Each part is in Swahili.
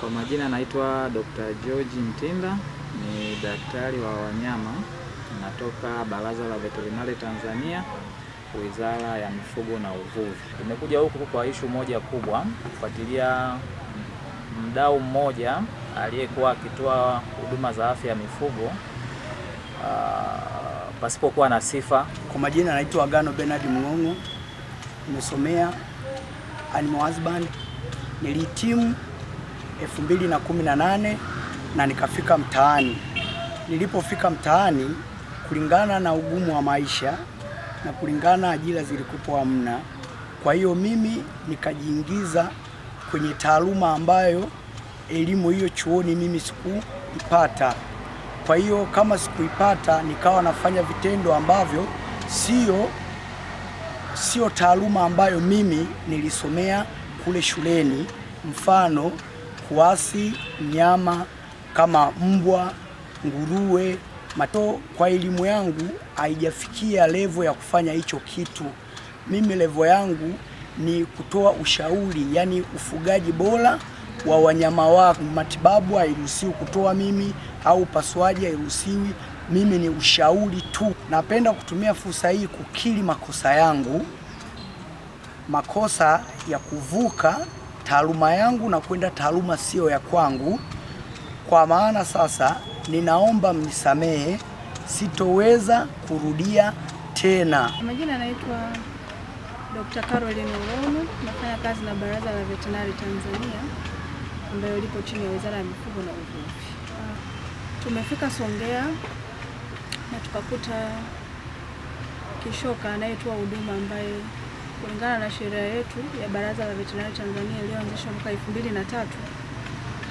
Kwa majina naitwa Dr. George Mtinda, ni daktari wa wanyama, natoka Baraza la Veterinari Tanzania, Wizara ya Mifugo na Uvuvi. Nimekuja huku kwa ishu moja kubwa, kufuatilia mdau mmoja aliyekuwa akitoa huduma za afya ya mifugo uh, pasipokuwa na sifa. Kwa majina naitwa Agano Bernard Mng'ong'o, nimesomea animal husband, nilihitimu 2018 na nikafika mtaani. Nilipofika mtaani, kulingana na ugumu wa maisha na kulingana ajira zilikupo hamna, kwa hiyo mimi nikajiingiza kwenye taaluma ambayo elimu hiyo chuoni mimi sikuipata. Kwa hiyo kama sikuipata, nikawa nafanya vitendo ambavyo sio sio taaluma ambayo mimi nilisomea kule shuleni, mfano kuasi nyama kama mbwa, nguruwe, mato. Kwa elimu yangu haijafikia levo ya kufanya hicho kitu. Mimi levo yangu ni kutoa ushauri, yani ufugaji bora wa wanyama wako. Matibabu hairuhusiwi kutoa mimi au upasuaji hairuhusiwi. Mimi ni ushauri tu. Napenda kutumia fursa hii kukiri makosa yangu, makosa ya kuvuka taaluma yangu na kwenda taaluma siyo ya kwangu. Kwa maana sasa ninaomba mnisamehe, sitoweza kurudia tena. Majina anaitwa Dr. Caroline Uromo, nafanya kazi na Baraza la Veterinary Tanzania ambayo lipo chini ya Wizara ya Mifugo na Uvuvi. Tumefika Songea na tukakuta kishoka anayetoa huduma ambaye Kulingana na sheria yetu ya Baraza la Veterinari Tanzania iliyoanzishwa mwaka elfu mbili na tatu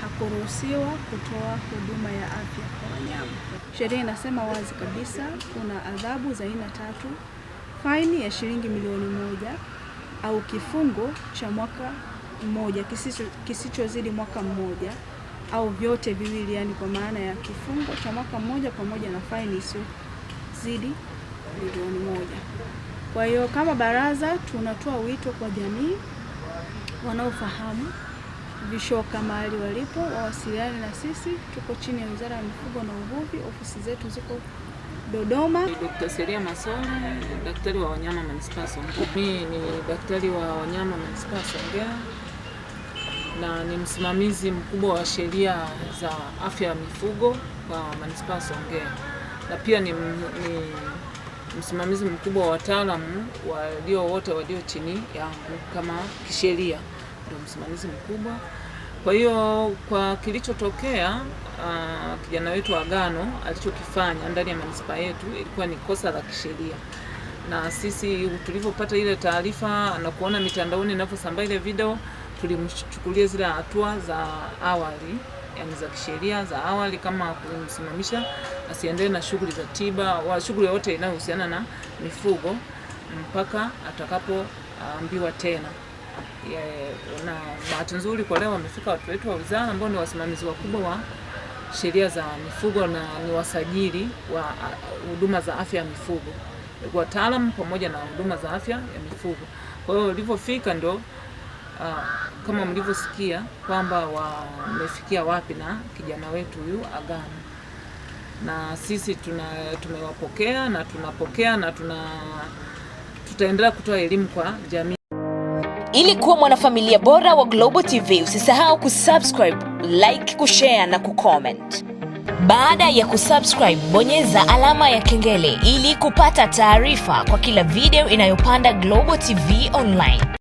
hakuruhusiwa kutoa huduma ya afya kwa wanyama. Sheria inasema wazi kabisa, kuna adhabu za aina tatu: faini ya shilingi milioni moja au kifungo cha mwaka mmoja kisichozidi mwaka mmoja au vyote viwili, yani kwa maana ya kifungo cha mwaka mmoja pamoja na faini isiyozidi milioni moja. Kwa hiyo kama baraza tunatoa wito kwa jamii wanaofahamu vishoka mahali walipo wawasiliane na sisi. Tuko chini ya Wizara ya Mifugo na Uvuvi, ofisi zetu ziko Dodoma. Dkt. Seria Masole, daktari wa wanyama manispaa Songea. Mimi ni daktari wa wanyama manispaa Songea na ni msimamizi mkubwa wa sheria za afya ya mifugo kwa manispaa Songea na pia ni, ni msimamizi mkubwa wa wataalamu walio wote walio chini yangu kama kisheria, ndio msimamizi mkubwa. Kwa hiyo kwa kilichotokea, uh, kijana wetu Agano alichokifanya ndani ya manispaa yetu ilikuwa ni kosa la kisheria, na sisi tulivyopata ile taarifa na kuona mitandaoni inavyosambaa ile video, tulimchukulia zile hatua za awali Yaani za kisheria za awali kama kumsimamisha asiendelee na shughuli za tiba wa shughuli yoyote inayohusiana na mifugo mpaka atakapoambiwa ah, tena. Na bahati nzuri kwa leo wamefika watu wetu wa wizara ambao ni wasimamizi wakubwa wa sheria za mifugo na ni wasajili wa ah, huduma za afya ya mifugo, wataalamu pamoja na huduma za afya ya mifugo. Kwa hiyo walivyofika ndio uh, kama mlivyosikia kwamba wamefikia wapi na kijana wetu huyu Agano, na sisi tuna tumewapokea na tunapokea na tuna tutaendelea kutoa elimu kwa jamii. Ili kuwa mwanafamilia bora wa Global TV, usisahau kusubscribe, like, kushare na kucomment. Baada ya kusubscribe, bonyeza alama ya kengele ili kupata taarifa kwa kila video inayopanda Global TV Online.